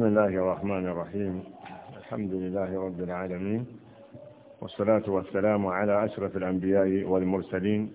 بسم الله الرحمن الرحيم الحمد لله رب العالمين والصلاة والسلام على أشرف الأنبياء والمرسلين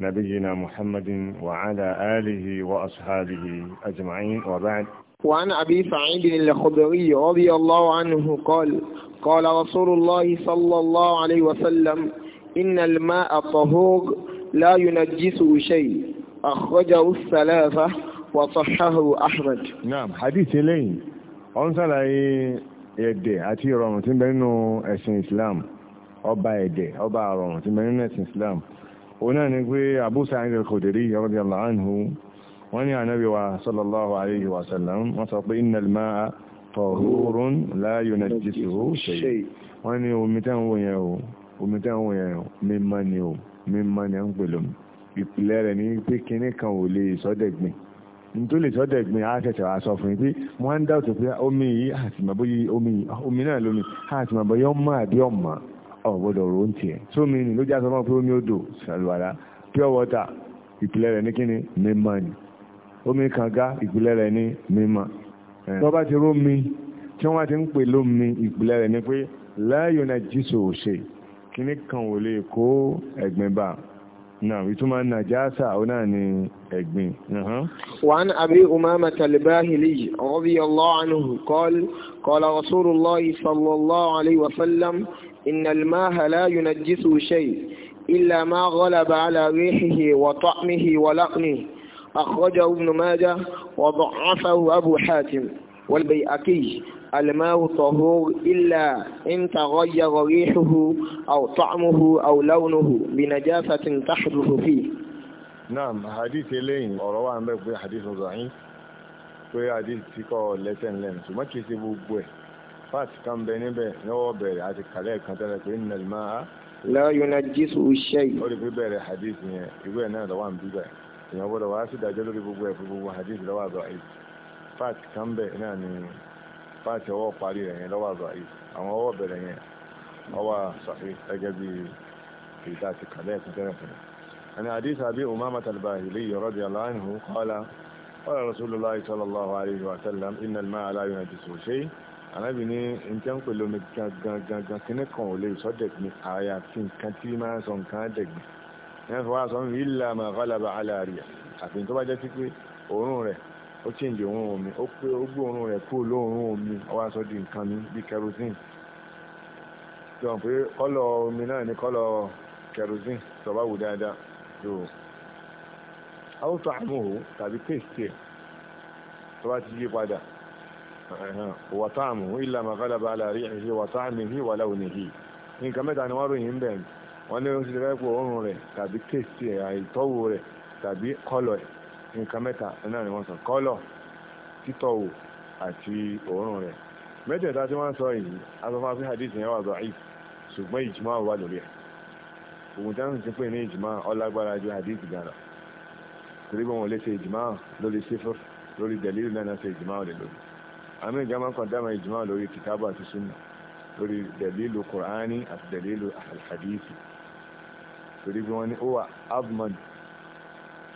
نبينا محمد وعلى آله وأصحابه أجمعين وبعد وعن أبي سعيد الخدري رضي الله عنه قال قال رسول الله صلى الله عليه وسلم إن الماء طهور لا ينجسه شيء أخرجه الثلاثة وصحه أحمد نعم حديث لين ọ ń sàlàyé ẹ̀dẹ̀ àti ìrọ̀rùn tí ń bẹ nínú ẹ̀sìn Islam ọba ẹ̀dẹ̀ ọba ìrọ̀rùn tí ń bẹ nínú ẹ̀sìn Islam òun náà ni pé Abu Sa'id al-Khudri radiyallahu anhu wọ́n ní ànábì wa sallallahu alayhi wa sallam wọ́n sọ pé innal ma'a tahurun la yunajjisuhu shay' wọ́n ní omi tẹ́ ń wò yẹn o omi tẹ́ ń wò yẹn o mímọ́ ni o mímọ́ ni à ń pè lómi ìpìlẹ̀ rẹ̀ ní pé kinní kan ò lè sọ́dẹ̀gbìn nítorí lè sọ́dọ̀ ẹ̀gbìn á ṣẹ̀ṣẹ̀ wá sọ fún yín pé wọ́n á ń dáwọ̀tò pé omi yìí àti màbọ̀ yìí omi yìí omi náà lómi àti màbọ̀ yìí ọmọ àbí ọmọ ọ̀gbọ́dọ̀ ro ń tiẹ̀ sómi ni ló jásọ mọ́ pé omi odò ṣàlùwàlá pure water ìpìlẹ̀ rẹ̀ ní kíni mímọ́ ni omi kànga ìpìlẹ̀ rẹ̀ ní mímọ́ tí wọ́n bá ti rómi tí wọ́n bá ti ń pè lómi ìpìlẹ̀ rẹ̀ ní pé láyò náà jísò òṣè kíní kan ò lè kó ẹ̀gbìn bá نعم يتما النجاسة أو ناني أجمي أه. وعن أبي أمامة الباهلي رضي الله عنه قال قال رسول الله صلى الله عليه وسلم إن الماء لا ينجسه شيء إلا ما غلب على ريحه وطعمه ولقنه أخرجه ابن ماجه وضعفه أبو حاتم والبيئكي الماء طهور إلا إن تغير ريحه أو طعمه أو لونه بنجاسة تحدث فيه نعم حديث لين أروى عن بك حديث ضعيف pé hadith tí kò lẹ́sẹ̀ lẹ́nu ṣùgbọ́n kìí ṣe gbogbo ẹ̀ fat kan bẹ níbẹ̀ lọ́wọ́ bẹ̀rẹ̀ àti kàlẹ́ kan tẹ́lẹ̀ pé innal ma'a la yunajjisu shay. ó lè fi bẹ̀rẹ̀ hadith yẹn ìwé náà lọ́wọ́ à ń bíbẹ̀ èèyàn gbọ́dọ̀ wá sí ìdájọ́ lórí gbogbo ẹ̀ fún gbogbo hadith lọ́wọ́ àbọ̀ fat kan bẹ̀ náà ni pàǹtì ọwọ́ parí rẹ̀ yẹn lọ́wọ́ àgbà yìí àwọn ọwọ́ bẹ̀rẹ̀ yẹn ọwọ́ sàfihàn gẹ́gẹ́ bí ìdá àti kàlẹ́ ẹ̀kún tẹ́lẹ̀ tẹ́lẹ̀. ẹni àdìsá bí umama talbahili radiyallahu anhu qala qala rasulullah sallallahu alayhi wa sallam inna al-ma'a la yunajjisu shay' anábì ní nǹkan pẹ̀lú omi gangan kíní kan ò lè sọ́dẹ̀ ní àyàfi nǹkan tí máa ń sọ nǹkan dẹ̀gbìn ní wọ́n fi wá sọ illa ma àfi ó change òórùn omi ó pé ó gbé òórùn lóòórùn omi ó wá sọ di nǹkan mi bíi kerosene jọ pé omi náà kọlọ kọ́lọ̀ kerosene tó wù dáadáa tó àwọn tó àmúhò tàbí tó bá ti yí padà wà táàmù ilà màkàlà bá àlàrí ẹ̀ṣẹ̀ wà táàmù yìí wà láwùn nìyí nǹkan mẹ́ta ni wọ́n ròyìn bẹ́ẹ̀ wọ́n ní fẹ́ òórùn nǹkan mẹ́ta náà ni wọ́n sọ kọ́lọ̀ títọ́ wò àti òórùn rẹ̀ mẹ́tẹ̀ẹ̀ta tí wọ́n sọ yìí asọ́fà fi hadith yẹn wà da'if ṣùgbọ́n ìjìmá wà lórí ẹ̀ ògùn tí wọ́n ti pè ní ìjìmá ọlágbára ju hadith gan lọ torí bí wọn ò lè ṣe ìjìmá lórí sífúr lórí dẹ̀lílù náà ṣe ìjìmá ọ̀lẹ̀ lórí àmì ìjàmá kan dáma ìjìmá lórí kìtàbù àti sunna lórí dẹ̀lílù kùránì àti dẹ̀lílù àhàdìsì torí bí wọ́n ní ó wà abman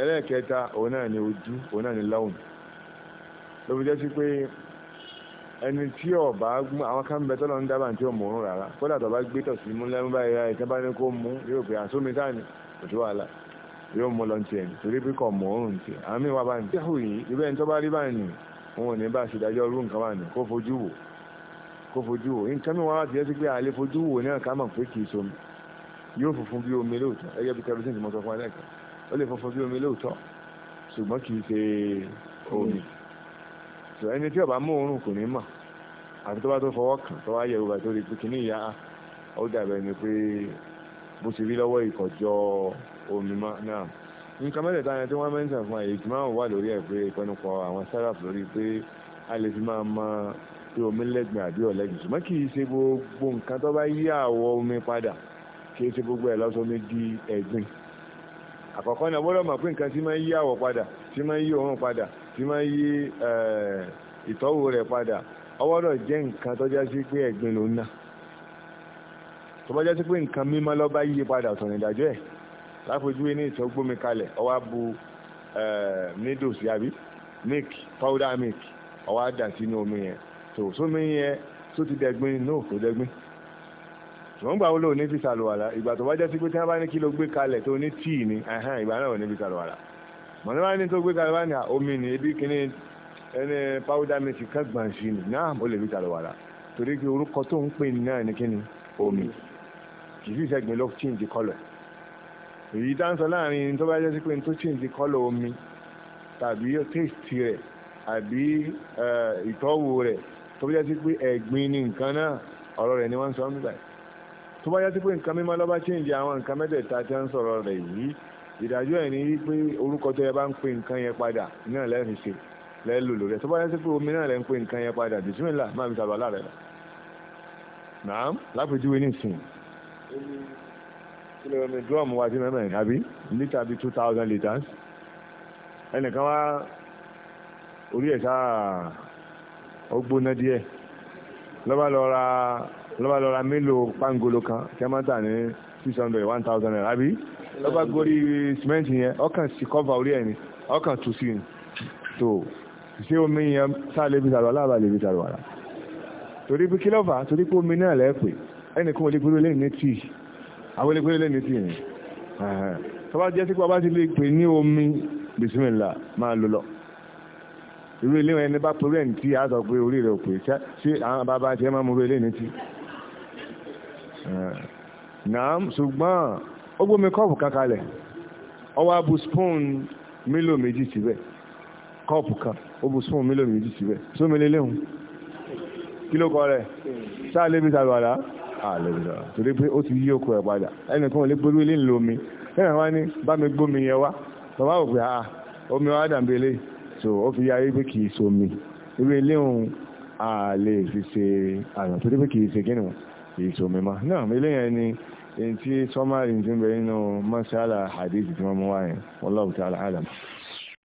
ẹlẹ́ẹ̀kẹta òun náà ni ojú òun náà ni lọ́wùn ló fi jẹ́ sí pé ẹni tí ọba gbọ́n àwọn kan bẹ tọ́lọ́ ń dábàá tí ó mú un rárá kódà tó bá gbé tọ̀sí mú lẹ́nu báyìí ra ìtẹ́ bá ní kó mú yóò pé àsómi táàní kò sí wàhálà yóò mú lọ tiẹ̀ torí pé kò mú òun tiẹ̀ àmì wà báyìí tí ó yìí ibẹ̀ ń tó rí báyìí wọn ò ní bá ṣèdájọ́ rú nǹkan báyìí kó fojú wò kó fojú wò nǹkan mi wọn láti jẹ́ sí pé àlè wò náà ká pé kì í somi yóò funfun bí omi lóòótọ́ ẹgẹ́ bí kẹrìsìn tí mo sọ fún ẹlẹ́kẹ̀ẹ́ ó lè funfun bí omi lóòótọ́ ṣùgbọ́n kì í ṣe omi ṣùgbọ́n ẹni tí ó bá mú òórùn kò ní mọ̀ àfi tó bá tó fọwọ́ kàn tó wá yẹ ìwà tó rí pé kìíní ìyá ó dàbẹ̀ ni pé bó ṣe rí lọ́wọ́ ìkọ̀jọ́ omi náà nǹkan mẹ́tẹ̀ẹ̀ta yẹn tí wọ́n mẹ́ńtà fún àyè tí máa wà lórí ẹ̀ pé ìpẹnupọ̀ àwọn saraf lórí pé a lè fi máa mọ pé omi lẹ́gbẹ̀ẹ́ àbí ọ̀lẹ́gbẹ̀ẹ́ ṣùgbọ́n kì í ṣe gbogbo nǹkan tó bá yí àwọ̀ omi padà kì í ṣe gbogbo ẹ̀ lọ́sọ omi di ẹ̀gbìn àkọ́kọ́ náà gbọ́dọ̀ mọ̀ pé nǹkan tí máa ń yí àwọ̀ padà tí máa ń yí òórùn padà tí máa ń yí eh, ìtọ́wò rẹ̀ padà ọwọ́dọ̀ jẹ́ nǹkan tó jásí pé ẹ̀gbin ló ń ná tó bá jásí pé nǹkan mímọ́ yí padà ọ̀tọ̀nà ìdájọ́ ẹ̀ ní ìtọ́ gbómi kalẹ̀ eh, milk powder milk sínú omi yẹn sómi yẹn ṣùgbọ́n gbà wọ́n lò ní fi ṣàlùwàlà ìgbà tó bá jẹ́ sí pé tí wọ́n bá ní kí gbé kalẹ̀ tó ní tíì ni ìgbà náà ò ní fi ṣàlùwàlà mọ̀nà wá ní tó gbé kalẹ̀ wá omi ni ebi kíní ẹni powder milk kan gbọ̀n sí ni náà ó lè fi ṣàlùwàlà torí pé orúkọ tó ń pè náà ní kíni omi kì í sì sẹ́gbẹ̀ẹ́ ló change colour èyí dáńsọ láàrin tó bá jẹ́ sí pé tó change colour omi tàbí taste rẹ̀ àbí eh, ìtọ́wò rẹ̀ tó bá jẹ́ sí pé ẹ̀gbin ni nǹkan náà ọ̀rọ̀ rẹ̀ ni wọ́n ń sọ nígbà yìí tó bá yá sí pé nǹkan mímọ́ lọ́ba chíǹjì àwọn nǹkan mẹ́tẹ̀ẹ̀ta tí wọ́n ń sọ̀rọ̀ rẹ̀ yìí ìdájọ́ ẹ̀ ní wípé orúkọ tó yẹ bá ń pe nǹkan yẹn padà náà lẹ́rìí ṣe lẹ́lò lórí ẹ̀ tó bá yá sí pé omi náà lẹ́ ń pe nǹkan yẹn padà bìsímìlà máa fi sàlọ́ lára rẹ̀ náà lápèjúwe nísìnyí kílẹ̀ omi drum wa ti mẹ́mẹ́rin àbí lítà bíi two thousand litres ẹnìkan wá orí ẹ̀ sáà ó gbóná díẹ̀ lọ́ba lọ ra lọ́ba lọ ra mélòó pangolo kan tí a máa ń tà ní six hundred one thousand naira àbí lọ́ba gorí sìmẹ́ǹtì yẹn ọkàn sí kọ́fà orí ẹ̀ ni ọkàn tù sí ni tó ṣé omi yẹn sá lè fi sàrò aláàbà lè fi sàrò wàrà torí pé kí ló fà á torí pé omi náà lẹ́ẹ̀pẹ́ ẹnìkan ò lè gbéró lẹ́yìn ní tíì àwọn olè gbéró lẹ́yìn ní tíì ni tọ́ba jẹ́ sípò abá ti ní omi bisimilá máa lò lọ irú ilé wọn ẹni bá torí ẹ̀ ní tí a sọ pé orí rẹ̀ ò pè ṣé àwọn bàbá tiẹ̀ máa mú irú ilé ní tí. Eh, nàám ṣùgbọ́n ó gbómi kọ́ọ̀pù kan ọwọ́ abu spoon mílò méjì síbẹ̀ kọ́ọ̀pù kan ó bu spoon mílò méjì síbẹ̀ sómi lélẹ́hùn kí ló kọ rẹ̀ sáà lébi sàlùwàlà àlèbìlà torí pé ó ti yí okò ẹ̀ padà ẹnìkan ò lè gbórí ilé ńlò omi ẹnìkan wá ní bá mi gbómi yẹn wá bàbá òpè àà ah, omi wá dàbí eléyìí so ó fi yáyé pé kìí somi irú ilé òun a lè fi ṣe àrùn tó dé pé kìí ṣe gínú kìí somi ma náà ilé yẹn ni èyí tí sọ́mà ìdí ń bẹ nínú mọ́ṣálà hadith tí wọ́n mú wáyé wallahu ta'ala alam